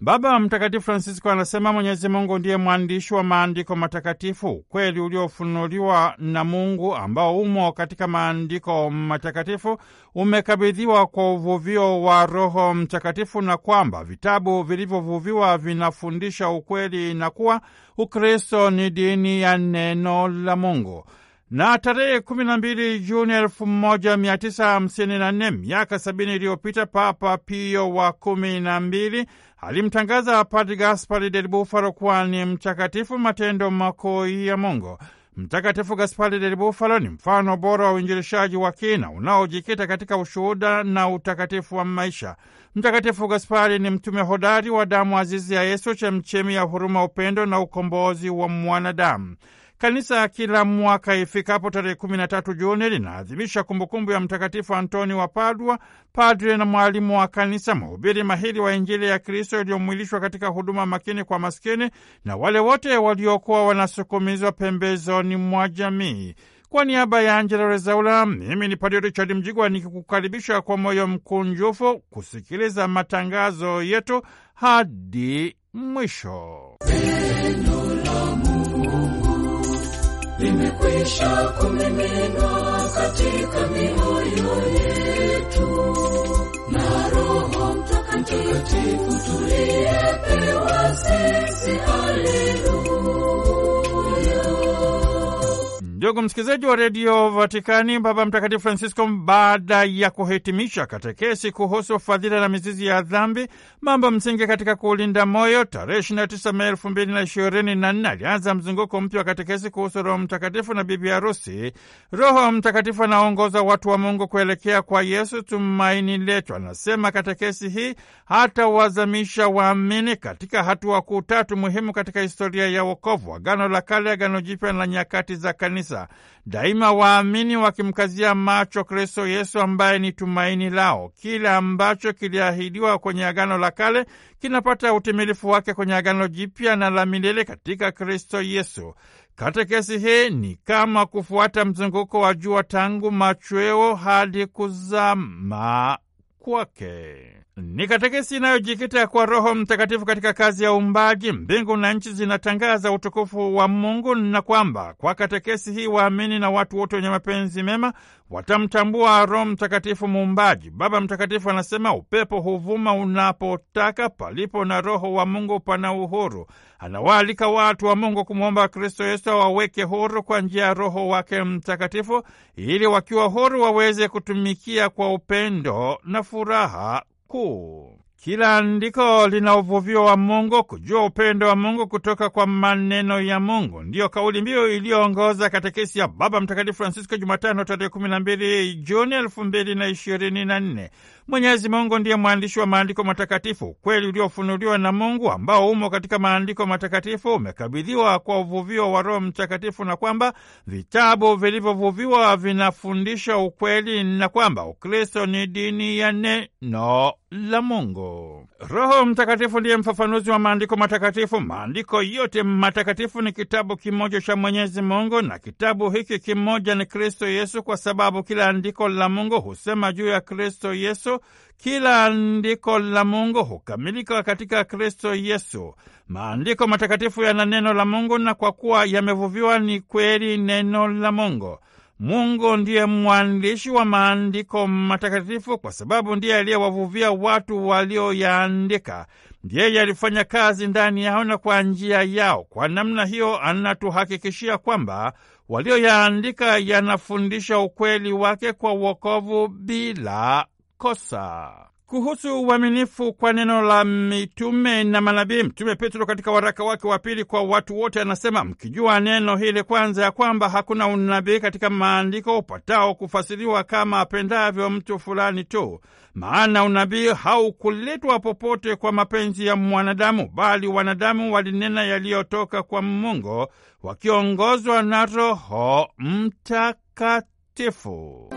Baba Mtakatifu Francisco anasema Mwenyezi Mungu ndiye mwandishi wa maandiko matakatifu, ukweli uliofunuliwa na Mungu ambao umo katika maandiko matakatifu umekabidhiwa kwa uvuvio wa Roho Mtakatifu, na kwamba vitabu vilivyovuviwa vinafundisha ukweli na kuwa Ukristo ni dini ya neno la Mungu na tarehe 12 Juni 1954, miaka sabini iliyopita, Papa Pio wa kumi na mbili alimtangaza Padre Gaspari del Bufalo kuwa ni mtakatifu, matendo makuu ya Mungu. Mtakatifu Gaspari del Bufalo ni mfano bora wa uinjilishaji wa kina unaojikita katika ushuhuda na utakatifu wa maisha. Mtakatifu Gaspari ni mtume hodari wa damu azizi ya Yesu, chemchemi ya huruma, upendo na ukombozi wa mwanadamu. Kanisa kila mwaka ifikapo tarehe kumi na tatu Juni linaadhimisha kumbukumbu ya Mtakatifu Antoni wa Padua, padre na mwalimu wa kanisa, mhubiri mahiri wa Injili ya Kristo iliyomwilishwa katika huduma makini kwa maskini na wale wote waliokuwa wanasukumizwa pembezoni mwa jamii. Kwa niaba ya Angela Rezaula, mimi ni Padre Richard Mjigwa nikikukaribisha kwa moyo mkunjufu kusikiliza matangazo yetu hadi mwisho. kisha kumiminwa katika mioyo yetu na Roho Mtakatifu tuliyepewa sisi. Haleluya. Ndugu msikilizaji wa redio Vatikani, Baba Mtakatifu Francisco, baada ya kuhitimisha katekesi kuhusu fadhila na mizizi ya dhambi, mambo msingi katika kuulinda moyo, tarehe 29 Mei 2024 alianza mzunguko mpya wa katekesi kuhusu Roho Mtakatifu na bibi harusi. Roho Mtakatifu anaongoza watu wa Mungu kuelekea kwa Yesu, tumaini letu, anasema katekesi hii. Hatawazamisha waamini katika hatua kuu tatu muhimu katika historia ya wokovu: agano la kale, agano jipya na nyakati za kanisa kanisa. Daima waamini wakimkazia macho Kristo Yesu ambaye ni tumaini lao. Kile ambacho kiliahidiwa kwenye Agano la Kale kinapata utimilifu wake kwenye Agano Jipya na la milele katika Kristo Yesu. Katekesi hii ni kama kufuata mzunguko wa jua tangu machweo hadi kuzama kwake. Ni katekesi inayojikita kwa Roho Mtakatifu katika kazi ya uumbaji. Mbingu na nchi zinatangaza utukufu wa Mungu, na kwamba kwa katekesi hii waamini na watu wote wenye mapenzi mema watamtambua Roho Mtakatifu muumbaji. Baba Mtakatifu anasema upepo huvuma unapotaka, palipo na Roho wa Mungu pana uhuru. Anawaalika watu wa Mungu kumwomba Kristo Yesu awaweke huru kwa njia ya Roho wake Mtakatifu, ili wakiwa huru waweze kutumikia kwa upendo na furaha kuu. Kila andiko lina uvuvio wa Mungu, kujua upendo wa Mungu kutoka kwa maneno ya Mungu. Ndiyo kauli mbiu iliyoongoza katekesi ya Baba Mtakatifu Francisco Jumatano tarehe 12 Juni 2024. Mwenyezi Mungu ndiye mwandishi wa maandiko matakatifu. Ukweli uliofunuliwa na Mungu ambao umo katika maandiko matakatifu umekabidhiwa kwa uvuvio wa Roho Mtakatifu, na kwamba vitabu vilivyovuviwa vinafundisha ukweli, na kwamba Ukristo ni dini ya neno la Mungu. Roho Mtakatifu ndiye mfafanuzi wa maandiko matakatifu. Maandiko yote matakatifu ni kitabu kimoja cha Mwenyezi Mungu, na kitabu hiki kimoja ni Kristo Yesu, kwa sababu kila andiko la Mungu husema juu ya Kristo Yesu. Kila andiko la Mungu hukamilika katika Kristo Yesu. Maandiko matakatifu yana neno la Mungu, na kwa kuwa yamevuviwa ni kweli neno la Mungu. Mungu ndiye mwandishi wa maandiko matakatifu kwa sababu ndiye aliyewavuvia watu walioyaandika. Yeye alifanya kazi ndani yao na kwa njia yao. Kwa namna hiyo, anatuhakikishia kwamba walioyaandika yanafundisha ukweli wake kwa wokovu bila kosa kuhusu uaminifu kwa neno la mitume na manabii. Mtume Petro katika waraka wake wa pili kwa watu wote anasema, mkijua neno hili kwanza, ya kwamba hakuna unabii katika maandiko upatao kufasiriwa kama apendavyo mtu fulani tu, maana unabii haukuletwa popote kwa mapenzi ya mwanadamu, bali wanadamu walinena yaliyotoka kwa Mungu wakiongozwa na Roho Mtakatifu.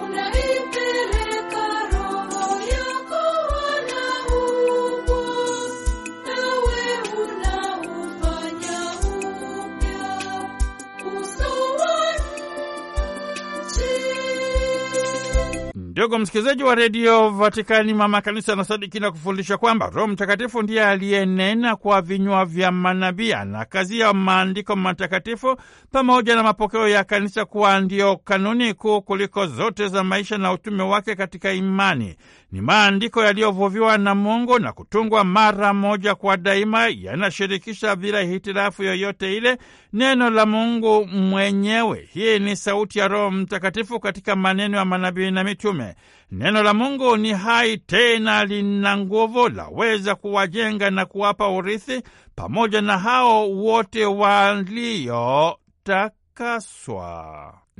Ndugu msikilizaji wa redio Vatikani, mama kanisa anasadiki na kufundisha kwamba Roho Mtakatifu ndiye aliyenena kwa vinywa vya manabii na kazi ya maandiko matakatifu pamoja na mapokeo ya kanisa kuwa ndio kanuni kuu kuliko zote za maisha na utume wake katika imani ni maandiko yaliyovuviwa na Mungu na kutungwa mara moja kwa daima, yanashirikisha bila hitilafu yoyote ile neno la Mungu mwenyewe. Hii ni sauti ya Roho Mtakatifu katika maneno ya manabii na mitume. Neno la Mungu ni hai tena lina nguvu, laweza kuwajenga na kuwapa urithi pamoja na hao wote waliotakaswa.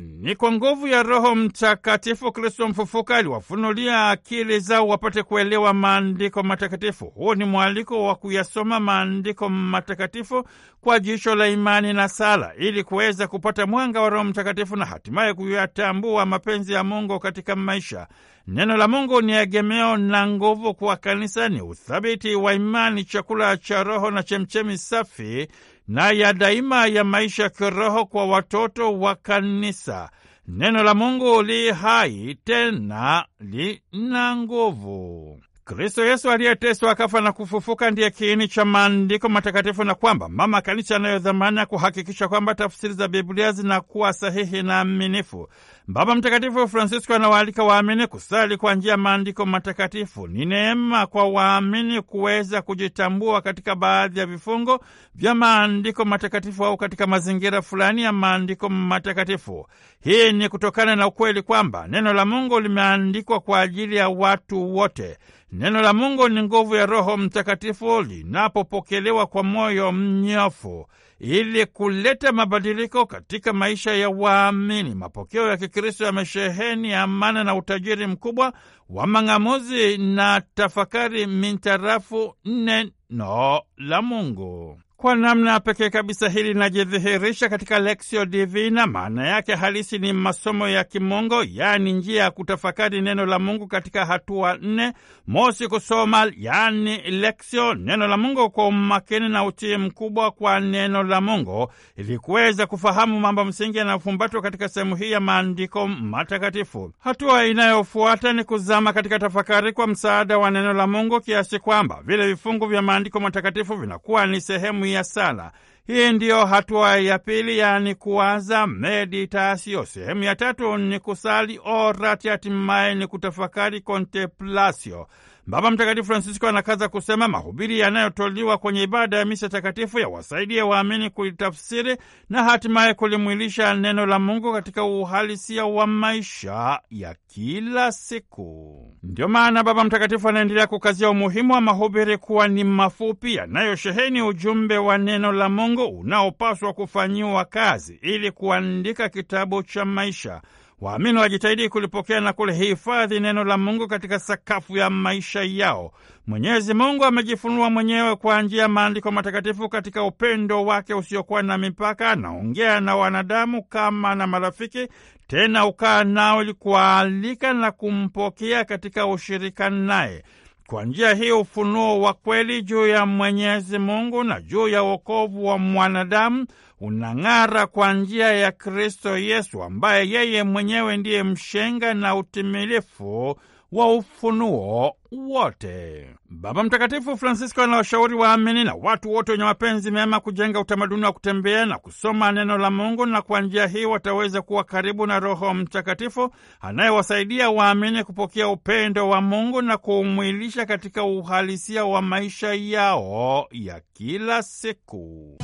Ni kwa nguvu ya Roho Mtakatifu Kristo mfufuka aliwafunulia akili zao wapate kuelewa maandiko matakatifu. Huu ni mwaliko wa kuyasoma maandiko matakatifu kwa jicho la imani na sala, ili kuweza kupata mwanga wa Roho Mtakatifu na hatimaye kuyatambua mapenzi ya Mungu katika maisha. Neno la Mungu ni egemeo na nguvu kwa kanisa, ni uthabiti wa imani, chakula cha Roho na chemchemi safi na ya daima ya maisha ya kiroho kwa watoto wa kanisa. Neno la Mungu li hai tena lina nguvu. Kristo Yesu aliyeteswa akafa na kufufuka ndiye kiini cha maandiko matakatifu, na kwamba mama kanisa anayo dhamana kuhakikisha kwamba tafsiri za Biblia zinakuwa sahihi na aminifu. Baba Mtakatifu Francisco anawaalika waamini kusali kwa njia ya maandiko matakatifu. Ni neema kwa waamini kuweza kujitambua katika baadhi ya vifungo vya maandiko matakatifu au katika mazingira fulani ya maandiko matakatifu. Hii ni kutokana na ukweli kwamba neno la Mungu limeandikwa kwa ajili ya watu wote. Neno la Mungu ni nguvu ya Roho Mtakatifu linapopokelewa kwa moyo mnyofu ili kuleta mabadiliko katika maisha ya waamini. Mapokeo ya Kikristo yamesheheni amana na utajiri mkubwa wa mang'amuzi na tafakari mintarafu neno la Mungu. Kwa namna pekee kabisa hili linajidhihirisha katika Lexio Divina. Maana yake halisi ni masomo ya Kimungu, yaani njia ya kutafakari neno la Mungu katika hatua nne. Mosi, kusoma yaani Lexio, neno la Mungu kwa umakini na utii mkubwa kwa neno la Mungu ili kuweza kufahamu mambo msingi yanayofumbatwa katika sehemu hii ya maandiko matakatifu. Hatua inayofuata ni kuzama katika tafakari kwa msaada wa neno la Mungu, kiasi kwamba vile vifungu vya maandiko matakatifu vinakuwa ni sehemu ya sala. Hii ndiyo hatua ya pili, yaani kuwaza meditasio. Sehemu ya tatu ni kusali, orati hatimaye ni kutafakari, kontemplasio. Baba Mtakatifu Francisco anakaza kusema mahubiri yanayotoliwa kwenye ibada ya misa takatifu yawasaidie waamini kulitafsiri na hatimaye kulimwilisha neno la Mungu katika uhalisia wa maisha ya kila siku. Ndiyo maana Baba Mtakatifu anaendelea kukazia umuhimu wa mahubiri kuwa ni mafupi, yanayosheheni ujumbe wa neno la Mungu unaopaswa kufanyiwa kazi ili kuandika kitabu cha maisha. Waamini wajitahidi kulipokea na kulihifadhi neno la Mungu katika sakafu ya maisha yao. Mwenyezi Mungu amejifunua mwenyewe kwa njia ya maandiko matakatifu. Katika upendo wake usiokuwa na mipaka, anaongea na wanadamu kama na marafiki, tena ukaa nao ili kualika na kumpokea katika ushirika naye. Kwa njia hii ufunuo wa kweli juu ya Mwenyezi Mungu na juu ya wokovu wa mwanadamu unang'ara kwa njia ya Kristo Yesu ambaye yeye mwenyewe ndiye mshenga na utimilifu wa ufunuo wote. Baba Mtakatifu Francisco anawashauri waamini na watu wote wenye mapenzi mema kujenga utamaduni wa kutembea na kusoma neno la Mungu, na kwa njia hii wataweza kuwa karibu na Roho Mtakatifu anayewasaidia waamini kupokea upendo wa Mungu na kuumwilisha katika uhalisia wa maisha yao ya kila siku.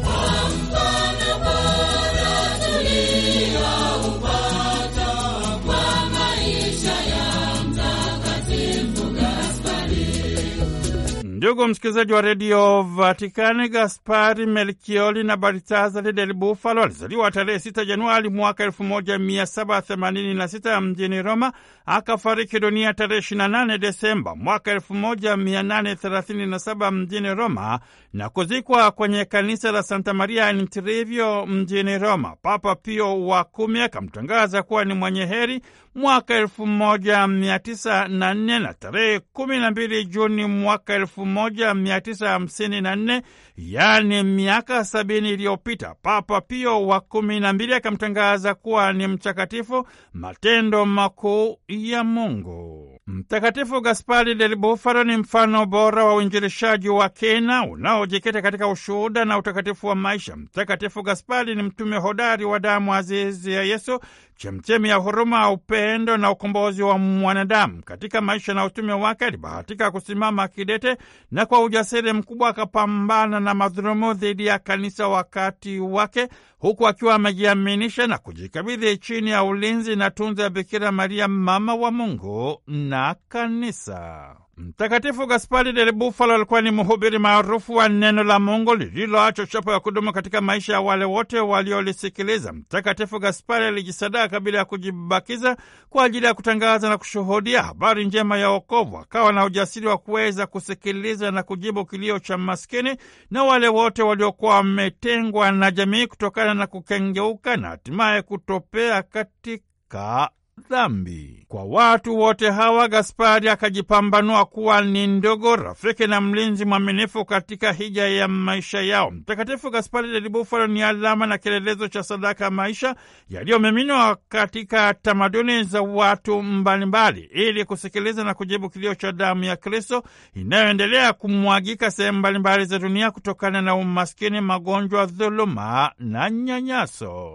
Ndugu msikilizaji wa redio Vatikani, Gaspari melkioli na Baltazari del Bufalo alizaliwa tarehe 6 Januari mwaka 1786 mjini Roma. Akafariki dunia tarehe 28 Desemba mwaka 1837 mjini Roma na kuzikwa kwenye kanisa la Santa Maria in mjini Roma. Papa Pio wa Kumi akamtangaza kuwa ni mwenye heri mwaka elfu moja mia tisa na nne na tarehe kumi na mbili Juni mwaka elfu moja mia tisa hamsini na nne yaani miaka sabini iliyopita, Papa Pio wa kumi na mbili akamtangaza kuwa ni mtakatifu, matendo makuu ya Mungu. Mtakatifu Gaspari del Bufalo ni mfano bora wa uinjilishaji wa kina unaojikita katika ushuhuda na utakatifu wa maisha. Mtakatifu Gaspari ni mtume hodari wa damu azizi ya Yesu, chemchemi ya huruma, upendo na ukombozi wa mwanadamu. Katika maisha na utume wake alibahatika kusimama kidete na kwa ujasiri mkubwa akapambana na madhulumu dhidi ya kanisa wakati wake, huku akiwa amejiaminisha na kujikabidhi chini ya ulinzi na tunza ya Bikira Maria, mama wa Mungu na na kanisa. Mtakatifu Gaspari del Bufalo alikuwa ni mhubiri maarufu wa neno la Mungu lililoacha chapo ya kudumu katika maisha ya wale wote waliolisikiliza. Mtakatifu Gaspari alijisadaa kabila ya kujibakiza kwa ajili ya kutangaza na kushuhudia habari njema ya wokovu. Akawa na ujasiri wa kuweza kusikiliza na kujibu kilio cha maskini na wale wote waliokuwa wametengwa na jamii kutokana na kukengeuka na hatimaye kutopea katika dhambi. Kwa watu wote hawa, Gaspari akajipambanua kuwa ni ndogo rafiki na mlinzi mwaminifu katika hija ya maisha yao. Mtakatifu Gaspari del Bufalo ni alama na kielelezo cha sadaka ya maisha yaliyomiminwa katika tamaduni za watu mbalimbali, ili kusikiliza na kujibu kilio cha damu ya Kristo inayoendelea kumwagika sehemu mbalimbali za dunia kutokana na umaskini, magonjwa, dhuluma na nyanyaso.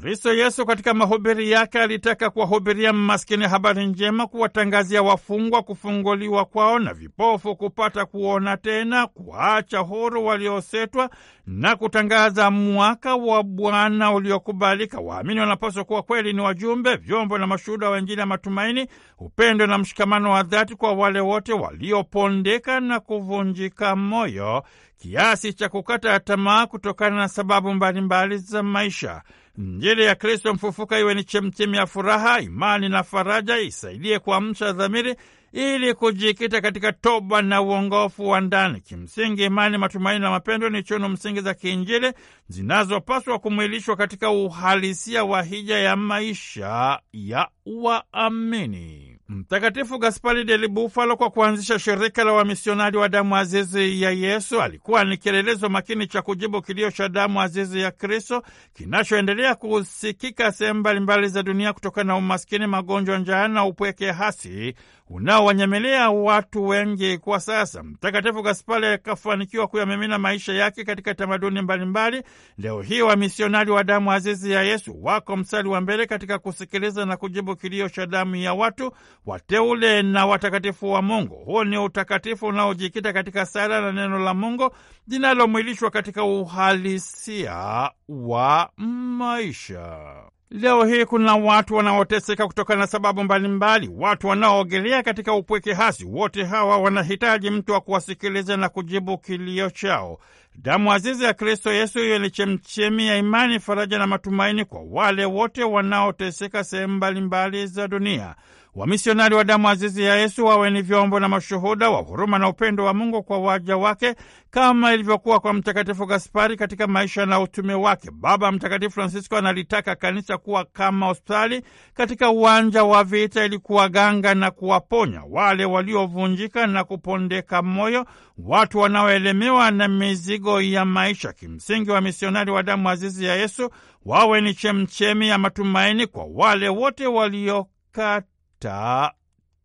Kristo Yesu katika mahubiri yake alitaka kuwahubiria maskini habari njema, kuwatangazia wafungwa kufunguliwa kwao na vipofu kupata kuona tena, kuwaacha huru waliosetwa na kutangaza mwaka wa Bwana uliokubalika. Waamini wanapaswa kuwa kweli ni wajumbe, vyombo na mashuhuda wa Injili ya matumaini, upendo na mshikamano wa dhati kwa wale wote waliopondeka na kuvunjika moyo kiasi cha kukata tamaa kutokana na sababu mbalimbali mbali za maisha. Njili ya Kristo mfufuka iwe ni chemchemi ya furaha, imani na faraja, isaidie kuamsha dhamiri ili kujikita katika toba na uongofu wa ndani. Kimsingi, imani, matumaini na mapendo ni chunu msingi za kiinjili zinazopaswa kumwilishwa katika uhalisia wa hija ya maisha ya waamini. Mtakatifu Gaspari del Bufalo kwa kuanzisha shirika la wamisionari wa damu azizi ya Yesu alikuwa ni kielelezo makini cha kujibu kilio cha damu azizi ya Kristo kinachoendelea kusikika sehemu mbalimbali za dunia kutokana na umaskini, magonjwa, njaa na upweke hasi unaowanyemelea watu wengi kwa sasa. Mtakatifu Gaspari akafanikiwa kuyamimina maisha yake katika tamaduni mbalimbali. Leo hii wamisionari wa damu azizi ya Yesu wako mstari wa mbele katika kusikiliza na kujibu kilio cha damu ya watu wateule na watakatifu wa Mungu. Huo ni utakatifu unaojikita katika sala na neno la Mungu linalomwilishwa katika uhalisia wa maisha. Leo hii kuna watu wanaoteseka kutokana na sababu mbalimbali, watu wanaoogelea katika upweke hasi. Wote hawa wanahitaji mtu wa kuwasikiliza na kujibu kilio chao. Damu azizi ya Kristo Yesu, hiyo ni chemchemi ya imani, faraja na matumaini kwa wale wote wanaoteseka sehemu mbalimbali za dunia. Wamisionari wa damu azizi ya Yesu wawe ni vyombo na mashuhuda wa huruma na upendo wa Mungu kwa waja wake kama ilivyokuwa kwa Mtakatifu Gaspari katika maisha na utume wake. Baba Mtakatifu Francisco analitaka kanisa kuwa kama hospitali katika uwanja wa vita, ili kuwaganga na kuwaponya wale waliovunjika na kupondeka moyo, watu wanaoelemewa na mizigo ya maisha. Kimsingi, wamisionari wa damu azizi ya Yesu wawe ni chemchemi ya matumaini kwa wale wote waliokata kukata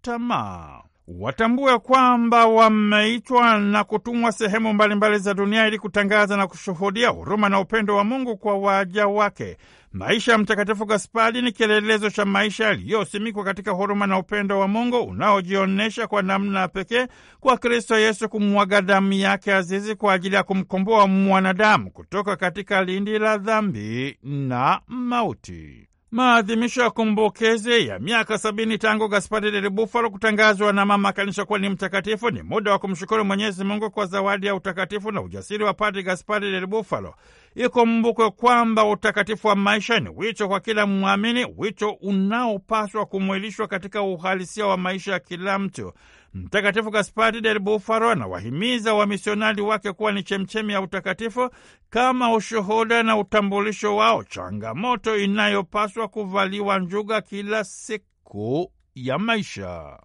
tamaa. Watambue kwamba wameitwa na kutumwa sehemu mbalimbali za dunia ili kutangaza na kushuhudia huruma na upendo wa Mungu kwa waja wake. Maisha ya Mtakatifu Gaspari ni kielelezo cha maisha yaliyosimikwa katika huruma na upendo wa Mungu unaojionyesha kwa namna pekee kwa Kristo Yesu kumwaga damu yake azizi kwa ajili ya kumkomboa mwanadamu kutoka katika lindi la dhambi na mauti maadhimisho ya kumbukizi ya miaka sabini tangu Gaspari del Bufalo kutangazwa na Mama Kanisa kuwa ni mtakatifu, ni muda wa kumshukuru Mwenyezi Mungu kwa zawadi ya utakatifu na ujasiri wa Padre Gaspari del Bufalo. Ikumbukwe kwamba utakatifu wa maisha ni wito kwa kila mwamini, wito unaopaswa kumwilishwa katika uhalisia wa maisha ya kila mtu. Mtakatifu Gaspari del Bufaro anawahimiza wamisionari wake kuwa ni chemchemi ya utakatifu kama ushuhuda na utambulisho wao, changamoto inayopaswa kuvaliwa njuga kila siku ya maisha.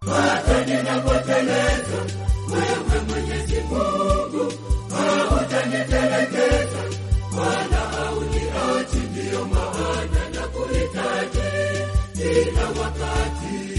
Kila wakati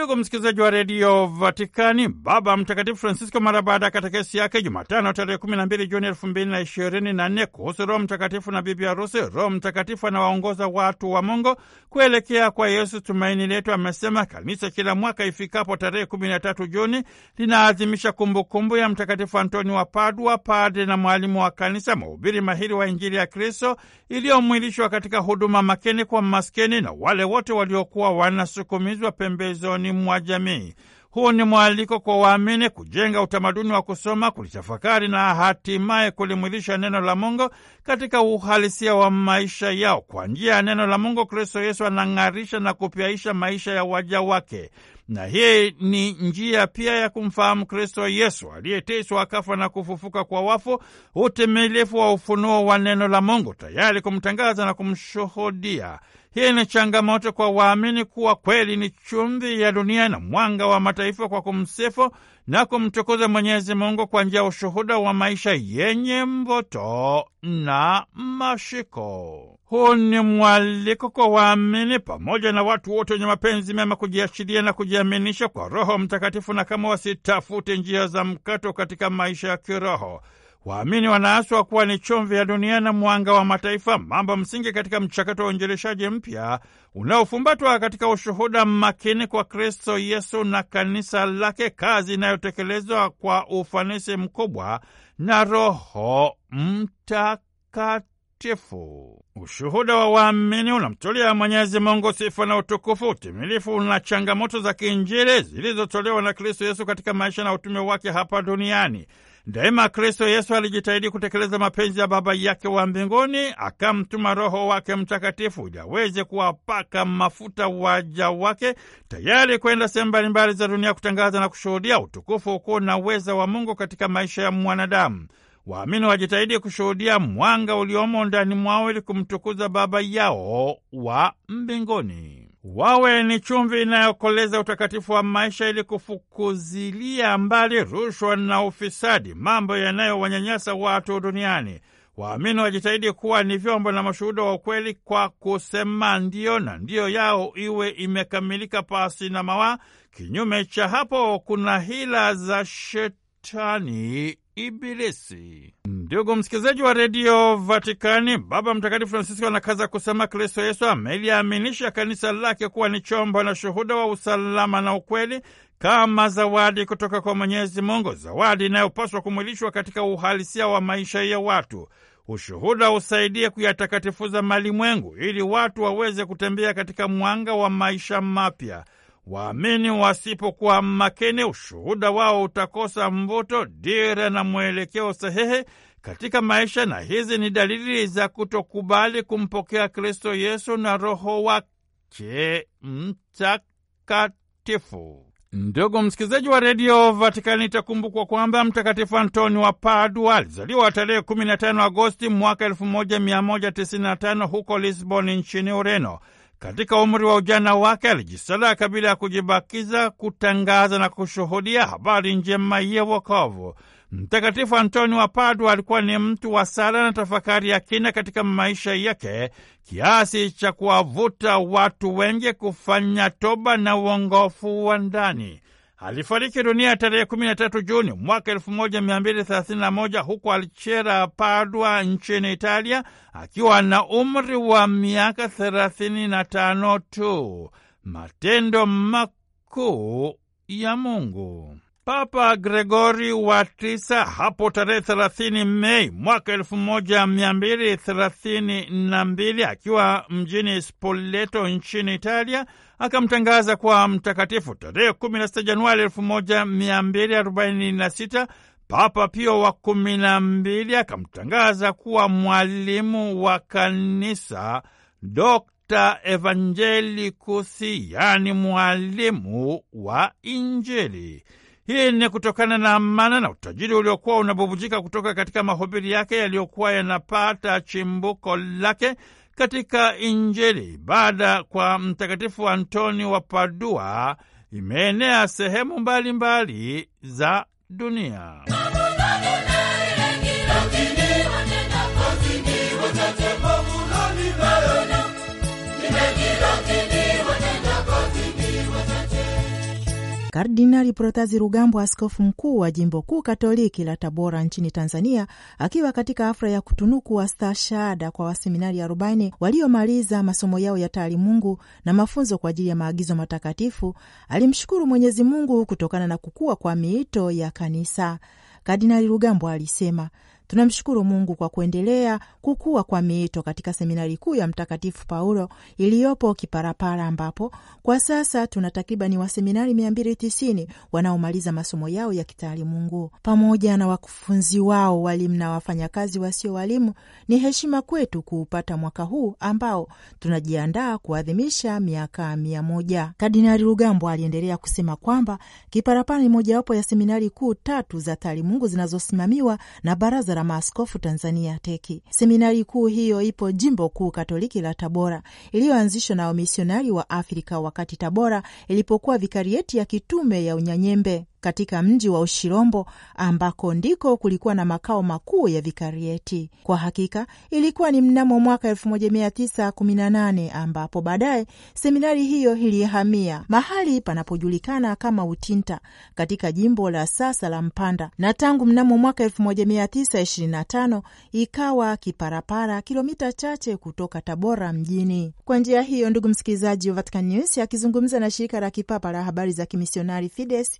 Ndugu msikilizaji wa redio Vatikani, Baba Mtakatifu Francisco mara baada ya katekesi yake Jumatano tarehe 12 Juni 2024 kuhusu Roho Mtakatifu na bibi harusi, Roho Mtakatifu anawaongoza watu wa Mungu kuelekea kwa Yesu tumaini letu, amesema kanisa kila mwaka ifikapo tarehe 13 Juni linaadhimisha kumbukumbu ya Mtakatifu Antoni wa Padua, padre na mwalimu wa kanisa, mhubiri mahiri wa Injili ya Kristo iliyomwilishwa katika huduma makini kwa maskini na wale wote waliokuwa wanasukumizwa pembezoni miongoni mwa jamii. Huu ni mwaliko kwa waamini kujenga utamaduni wa kusoma, kulitafakari na hatimaye kulimwilisha neno la Mungu katika uhalisia wa maisha yao. Kwa njia ya neno la Mungu, Kristo Yesu anang'arisha na kupyaisha maisha ya waja wake, na hii ni njia pia ya kumfahamu Kristo Yesu aliyeteswa, akafa na kufufuka kwa wafu, utimilifu wa ufunuo wa neno la Mungu, tayari kumtangaza na kumshuhudia hii ni changamoto kwa waamini kuwa kweli ni chumvi ya dunia na mwanga wa mataifa, kwa kumsifu na kumtukuza Mwenyezi Mungu kwa njia ya ushuhuda wa maisha yenye mvuto na mashiko. Huu ni mwaliko kwa waamini pamoja na watu wote wenye mapenzi mema kujiachilia na kujiaminisha kwa Roho Mtakatifu, na kama wasitafute njia za mkato katika maisha ya kiroho Waamini wanaaswa kuwa ni chumvi ya dunia na mwanga wa mataifa, mambo msingi katika mchakato wa uinjilishaji mpya unaofumbatwa katika ushuhuda makini kwa Kristo Yesu na kanisa lake, kazi inayotekelezwa kwa ufanisi mkubwa na Roho Mtakatifu. Ushuhuda wa waamini unamtolea Mwenyezi Mungu sifa na utukufu, utimilifu na changamoto za kiinjili zilizotolewa na Kristo Yesu katika maisha na utume wake hapa duniani. Daima Kristo Yesu alijitahidi kutekeleza mapenzi ya Baba yake wa mbinguni, akamtuma Roho wake Mtakatifu ili aweze kuwapaka mafuta waja wake, tayari kwenda sehemu mbalimbali za dunia kutangaza na kushuhudia utukufu ukuu na uweza wa Mungu katika maisha ya mwanadamu. Waamini wajitahidi kushuhudia mwanga uliomo ndani mwao ili kumtukuza Baba yao wa mbinguni wawe ni chumvi inayokoleza utakatifu wa maisha ili kufukuzilia mbali rushwa na ufisadi, mambo yanayowanyanyasa watu duniani. Waamini wajitahidi kuwa ni vyombo na mashuhuda wa ukweli kwa kusema ndiyo na ndiyo yao iwe imekamilika pasi na mawaa. Kinyume cha hapo, kuna hila za shetani ibilisi. Ndugu msikilizaji wa redio Vatikani, Baba Mtakatifu Francisco anakaza kusema Kristo Yesu ameliaminisha kanisa lake kuwa ni chombo na shuhuda wa usalama na ukweli, kama zawadi kutoka kwa Mwenyezi Mungu, zawadi inayopaswa kumwilishwa katika uhalisia wa maisha ya watu. Ushuhuda usaidie kuyatakatifuza malimwengu, ili watu waweze kutembea katika mwanga wa maisha mapya. Waamini wasipokuwa makini, ushuhuda wao utakosa mvuto, dira na mwelekeo sahihi katika maisha, na hizi ni dalili za kutokubali kumpokea Kristo Yesu na Roho wake Mtakatifu. Ndugu msikilizaji wa redio Vatikani, itakumbukwa kwamba Mtakatifu Antoni wa Padua alizaliwa tarehe 15 Agosti mwaka 1195 huko Lisbon nchini Ureno. Katika umri wa ujana wake alijisadaka bila ya kujibakiza kutangaza na kushuhudia habari njema ya wokovu. Mtakatifu Antoni wa Padua alikuwa ni mtu wa sala na tafakari ya kina katika maisha yake kiasi cha kuwavuta watu wengi kufanya toba na uongofu wa ndani alifariki dunia tarehe 13 Juni mwaka 1231 huko alchera Padua nchini Italia, akiwa na umri wa miaka 35 tu. Matendo makuu ya Mungu. Papa Gregori wa tisa hapo tarehe thelathini Mei mwaka elfu moja mia mbili thelathini na mbili akiwa mjini Spoleto nchini Italia akamtangaza kuwa mtakatifu. Tarehe kumi na sita Januari elfu moja mia mbili arobaini na sita Papa Pio wa kumi na mbili akamtangaza kuwa mwalimu wa kanisa, Dokta Evangelikusi, yaani mwalimu wa Injili. Hii ni kutokana na amana na utajiri uliokuwa unabubujika kutoka katika mahubiri yake yaliyokuwa yanapata chimbuko lake katika Injili. Ibada kwa Mtakatifu Antoni wa Padua imeenea sehemu mbalimbali mbali za dunia. Kardinali Protazi Rugambwa, askofu mkuu wa jimbo kuu katoliki la Tabora nchini Tanzania, akiwa katika afra ya kutunuku wastashahada kwa waseminari 40 waliomaliza masomo yao ya taalimungu na mafunzo kwa ajili ya maagizo matakatifu, alimshukuru Mwenyezi Mungu kutokana na kukua kwa miito ya kanisa. Kardinali Rugambwa alisema Tunamshukuru Mungu kwa kuendelea kukua kwa miito katika seminari kuu ya Mtakatifu Paulo iliyopo Kiparapara, ambapo kwa sasa tuna takribani waseminari 290 wanaomaliza masomo yao ya kitaalimungu pamoja na wakufunzi wao, walimu na wafanyakazi wasio walimu. Ni heshima kwetu kuupata mwaka huu ambao tunajiandaa kuadhimisha miaka mia moja. Kardinali Rugambo aliendelea kusema kwamba Kiparapara ni mojawapo ya seminari kuu tatu za taalimungu zinazosimamiwa na Baraza la maaskofu Tanzania teki Seminari kuu hiyo ipo jimbo kuu katoliki la Tabora, iliyoanzishwa na wamisionari wa Afrika wakati Tabora ilipokuwa vikarieti ya kitume ya Unyanyembe katika mji wa Ushirombo ambako ndiko kulikuwa na makao makuu ya vikarieti. Kwa hakika ilikuwa ni mnamo mwaka 1918 ambapo baadaye seminari hiyo ilihamia mahali panapojulikana kama Utinta katika jimbo la sasa la Mpanda, na tangu mnamo mwaka 1925 ikawa Kiparapara, kilomita chache kutoka Tabora mjini. Kwa njia hiyo, ndugu msikilizaji wa Vatican News akizungumza na shirika la kipapa la habari za kimisionari Fides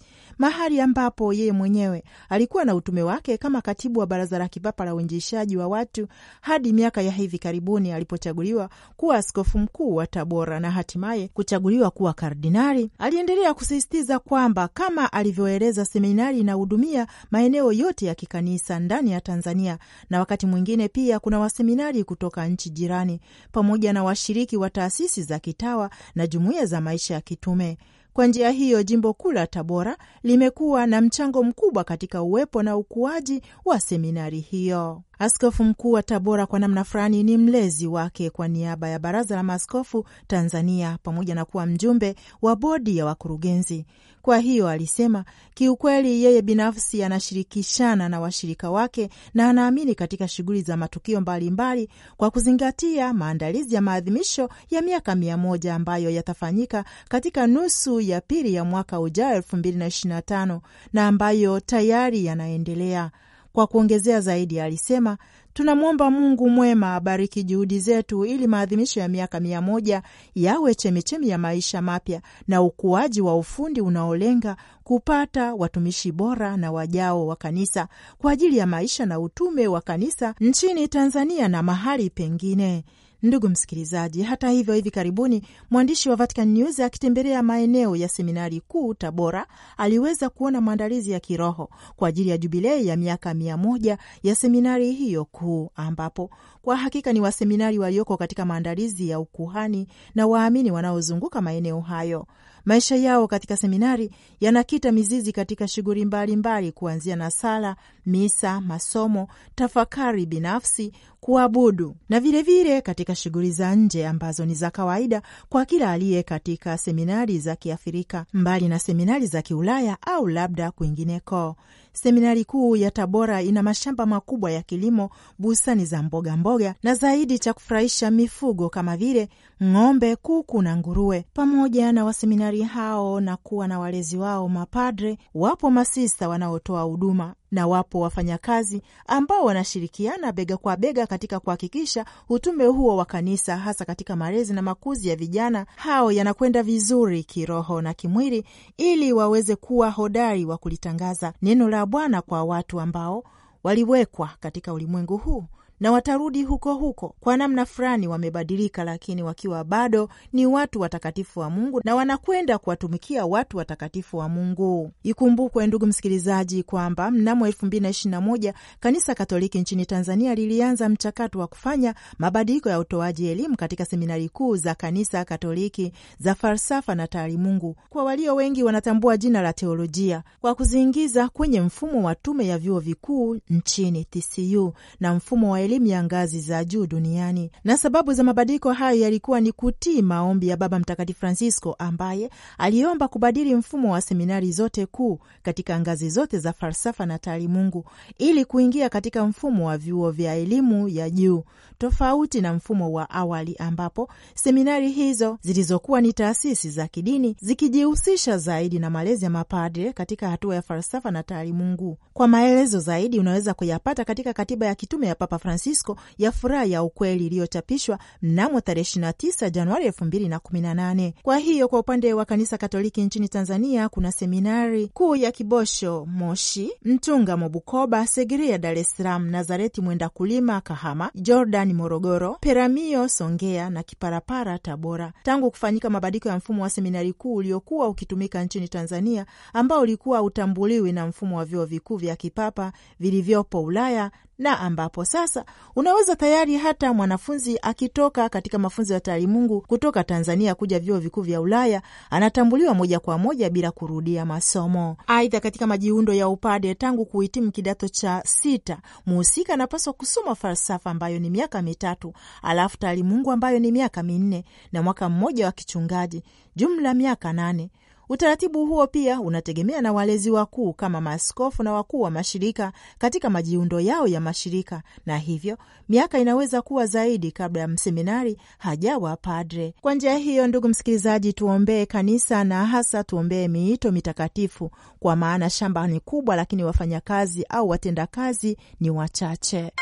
mahali ambapo yeye mwenyewe alikuwa na utume wake kama katibu wa Baraza la Kipapa la uinjishaji wa watu hadi miaka ya hivi karibuni alipochaguliwa kuwa askofu mkuu wa Tabora na hatimaye kuchaguliwa kuwa kardinali. Aliendelea kusisitiza kwamba kama alivyoeleza, seminari inahudumia maeneo yote ya kikanisa ndani ya Tanzania na wakati mwingine pia kuna waseminari kutoka nchi jirani pamoja na washiriki wa taasisi za kitawa na jumuiya za maisha ya kitume. Kwa njia hiyo, jimbo kuu la Tabora limekuwa na mchango mkubwa katika uwepo na ukuaji wa seminari hiyo. Askofu mkuu wa Tabora kwa namna fulani ni mlezi wake kwa niaba ya Baraza la Maaskofu Tanzania, pamoja na kuwa mjumbe wa bodi ya wakurugenzi. Kwa hiyo alisema, kiukweli yeye binafsi anashirikishana na washirika wake na anaamini katika shughuli za matukio mbalimbali mbali, kwa kuzingatia maandalizi ya maadhimisho ya miaka mia moja ambayo yatafanyika katika nusu ya pili ya mwaka ujao elfu mbili na ishirini na tano na ambayo tayari yanaendelea. Kwa kuongezea zaidi, alisema tunamwomba Mungu mwema abariki juhudi zetu ili maadhimisho ya miaka mia moja yawe chemichemi ya maisha mapya na ukuaji wa ufundi unaolenga kupata watumishi bora na wajao wa kanisa kwa ajili ya maisha na utume wa kanisa nchini Tanzania na mahali pengine. Ndugu msikilizaji, hata hivyo, hivi karibuni mwandishi wa Vatican News akitembelea maeneo ya seminari kuu Tabora aliweza kuona maandalizi ya kiroho kwa ajili ya jubilei ya miaka mia moja ya seminari hiyo kuu, ambapo kwa hakika ni waseminari walioko katika maandalizi ya ukuhani na waamini wanaozunguka maeneo hayo. Maisha yao katika seminari yanakita mizizi katika shughuli mbalimbali, kuanzia na sala, misa, masomo, tafakari binafsi, kuabudu na vilevile vile katika shughuli za nje ambazo ni za kawaida kwa kila aliye katika seminari za Kiafrika mbali na seminari za Kiulaya au labda kwingineko. Seminari kuu ya Tabora ina mashamba makubwa ya kilimo, bustani za mboga mboga na zaidi cha kufurahisha mifugo kama vile ng'ombe, kuku na nguruwe. Pamoja na waseminari hao na kuwa na walezi wao mapadre, wapo masista wanaotoa huduma na wapo wafanyakazi ambao wanashirikiana bega kwa bega katika kuhakikisha utume huo wa kanisa, hasa katika malezi na makuzi ya vijana hao yanakwenda vizuri kiroho na kimwili, ili waweze kuwa hodari wa kulitangaza neno la Bwana kwa watu ambao waliwekwa katika ulimwengu huu na watarudi huko huko. Kwa namna fulani wamebadilika, lakini wakiwa bado ni watu watakatifu wa Mungu na wanakwenda kuwatumikia watu watakatifu wa Mungu. Ikumbukwe ndugu msikilizaji, kwamba mnamo 2021 Kanisa Katoliki nchini Tanzania lilianza mchakato wa kufanya mabadiliko ya utoaji elimu katika seminari kuu za Kanisa Katoliki za falsafa na taalimungu. Kwa walio wengi wanatambua jina la teolojia, kwa kuziingiza kwenye mfumo wa tume ya vyuo vikuu nchini TCU na mfumo wa elimu ya ngazi za juu duniani, na sababu za mabadiliko hayo yalikuwa ni kutii maombi ya Baba Mtakatifu Francisco ambaye aliomba kubadili mfumo wa seminari zote kuu katika ngazi zote za falsafa na taalimungu ili kuingia katika mfumo wa vyuo vya elimu ya juu tofauti na mfumo wa awali ambapo seminari hizo zilizokuwa ni taasisi za kidini zikijihusisha zaidi na malezi ya mapadre katika hatua ya falsafa na taalimungu. Kwa maelezo zaidi unaweza kuyapata katika katiba ya kitume ya Papa Francisco Francisco ya Furaha ya Ukweli iliyochapishwa mnamo tarehe 29 Januari 2018. Kwa hiyo kwa upande wa kanisa Katoliki nchini Tanzania kuna seminari kuu ya Kibosho Moshi, mtunga mobukoba Segerea Dar es Salaam, Nazareti Mwenda Kulima Kahama, Jordan Morogoro, Peramio Songea na Kiparapara Tabora. Tangu kufanyika mabadiliko ya mfumo wa seminari kuu uliokuwa ukitumika nchini Tanzania ambao ulikuwa utambuliwi na mfumo wa vyuo vikuu vya kipapa vilivyopo Ulaya na ambapo sasa unaweza tayari hata mwanafunzi akitoka katika mafunzo ya taalimungu kutoka Tanzania kuja vyuo vikuu vya Ulaya anatambuliwa moja kwa moja bila kurudia masomo. Aidha, katika majiundo ya upade tangu kuhitimu kidato cha sita, muhusika anapaswa kusoma falsafa ambayo ni miaka mitatu, alafu taalimungu ambayo ni miaka minne na mwaka mmoja wa kichungaji, jumla miaka nane. Utaratibu huo pia unategemea na walezi wakuu kama maaskofu na wakuu wa mashirika katika majiundo yao ya mashirika, na hivyo miaka inaweza kuwa zaidi kabla ya mseminari hajawa padre. Kwa njia hiyo, ndugu msikilizaji, tuombee kanisa na hasa tuombee miito mitakatifu, kwa maana shamba ni kubwa, lakini wafanyakazi au watendakazi ni wachache.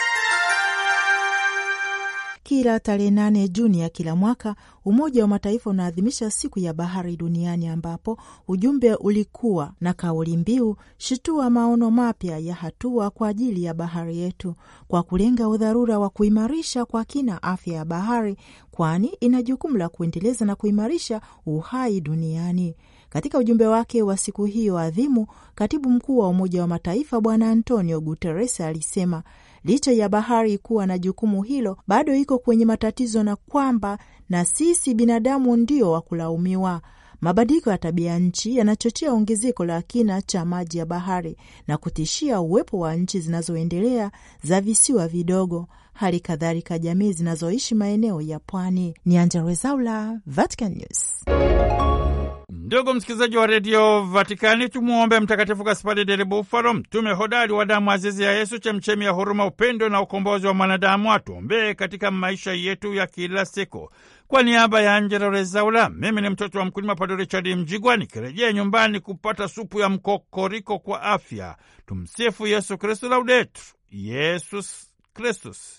Kila tarehe nane Juni ya kila mwaka Umoja wa Mataifa unaadhimisha siku ya bahari duniani, ambapo ujumbe ulikuwa na kauli mbiu shitua maono mapya ya hatua kwa ajili ya bahari yetu, kwa kulenga udharura wa kuimarisha kwa kina afya ya bahari, kwani ina jukumu la kuendeleza na kuimarisha uhai duniani. Katika ujumbe wake wa siku hiyo adhimu, katibu mkuu wa Umoja wa Mataifa Bwana Antonio Guterres alisema licha ya bahari kuwa na jukumu hilo, bado iko kwenye matatizo na kwamba na sisi binadamu ndio wa kulaumiwa. Mabadiliko ya tabia nchi yanachochea ongezeko la kina cha maji ya bahari na kutishia uwepo wa nchi zinazoendelea za visiwa vidogo, hali kadhalika jamii zinazoishi maeneo ya pwani. Ni Angella Rwezaula, Vatican News. Mm-hmm. Ndugu msikilizaji wa redio Vatikani, tumwombe Mtakatifu Gaspari del Bufalo, mtume hodari wa damu azizi ya Yesu, chemchemi ya huruma, upendo na ukombozi wa mwanadamu, atuombee katika maisha yetu ya kila siku. Kwa niaba ya Angela Rezaula, mimi ni mtoto wa mkulima Padre Richard Mjigwa, nikirejea nyumbani kupata supu ya mkokoriko kwa afya. Tumsifu Yesu Kristu, laudetu Yesus Kristus.